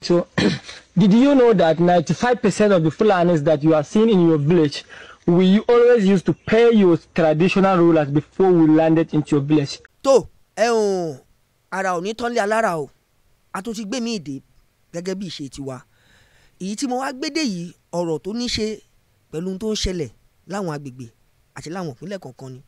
So, did you know that 95% of the Fulanis that you are seeing in your village, we always used to pay your traditional rulers before we landed into your village? tó ẹ ń ara ò ní tán lé alára o a tún ti gbé mi ìdè gẹ́gẹ́ bí ìṣe tiwa èyí tí mo wá gbédè yìí ọ̀rọ̀ tó ní ṣe pẹ̀lú ohun tó ń ṣẹlẹ̀ láwọn agbègbè àti láwọn ìpínlẹ̀ kọ̀ọ̀kan ni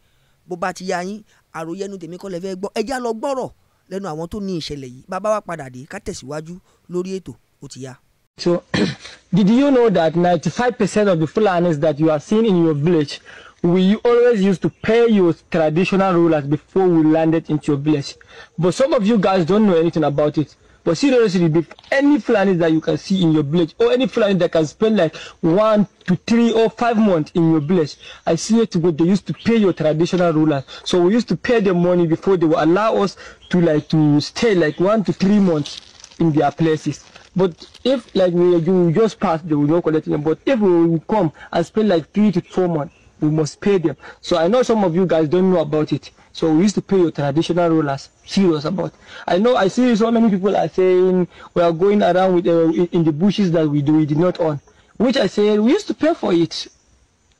bó bá ti yá yín àròyé ẹnu tèmi kọ́ lẹ fẹ́ gbọ́ ẹ já lọ gbọ́rọ̀ lẹ́nu àwọn tó ní ìṣẹ̀lẹ̀ yìí bàbá wa padà dé ká tẹ̀síwájú lórí ètò ó ti yá. So, did you know that 95% of the Fulanis that you are seeing in your village, we always used to pay your traditional rulers before we landed into your village? But some of you guys don't know anything about it. But seriously, if any Fulani that you can see in your village, or any Fulani that can spend like one to three or five months in your village, I see it good. They used to pay your traditional rulers. So we used to pay them money before they would allow us to like to stay like one to three months in their places. But if like we, you just pass, they will not collect them. But if we come and spend like three to four months, we must pay them. So I know some of you guys don't know about it. So we used to pay your traditional rulers serious about. I know I see so many people are saying we are going around with uh, in the bushes that we do we did not own, which I say we used to pay for it.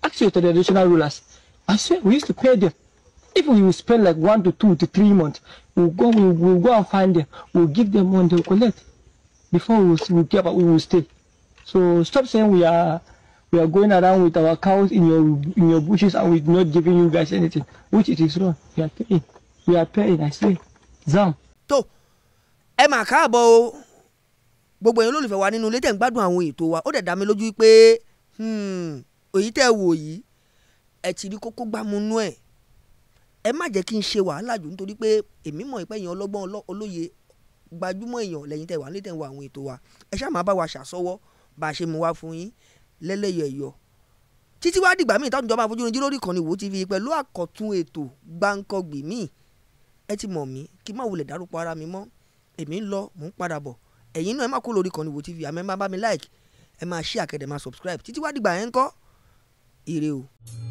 Ask your traditional rulers. I say we used to pay them. If we will spend like one to two to three months, we'll go we'll, we'll go and find them. We'll give them money they'll collect before we will, we will stay. So stop saying we are we are going around with our cows in your in your bushes and we're not giving you guys anything which it is wrong we are paying we are paying i say zam. tó ẹ mà káàbọ̀ o gbogbo ẹ̀yin olólùfẹ́ wa nínú ilé tẹ̀ ń gbádùn àwọn ètò wa ó dẹ̀ dá mi lójú pé òyì tẹ́ ẹ wò yìí ẹ ti rí kókó gbámúnú ẹ̀ ẹ má jẹ́ kí n ṣe wàhálà jù nítorí pé èmi mọ̀ ìpẹ́ èèyàn ọlọ́gbọ́n olóye gbajúmọ̀ èèyàn lẹ́yìn tẹ̀ wà nílé tẹ̀ ń wo àwọn ètò wa ẹ ṣáà máa bá wa ṣàsọwọ́ bá a ṣe mú wa fún yín lẹ́lẹ́yẹyọ títí wá dìgbà míì táwọn ìjọba àfojúrin jíròrò ìkànnì wò ó ti fi pẹ̀lú àkọ́tún ètò gbáǹkọ́gbì míì ẹ ti mọ̀ mí kí n má wulẹ̀ dárúkọ ara mi mọ́ èmi ń lọ mò ń padà bọ̀ ẹ̀yin náà ẹ má kó lórí ìkànnì wò ó ti fi àmẹ́ bá mi like ẹ máa share kẹ́dẹ̀ máa subscribe títí wá dìgbà yẹn ń kọ́ ire o.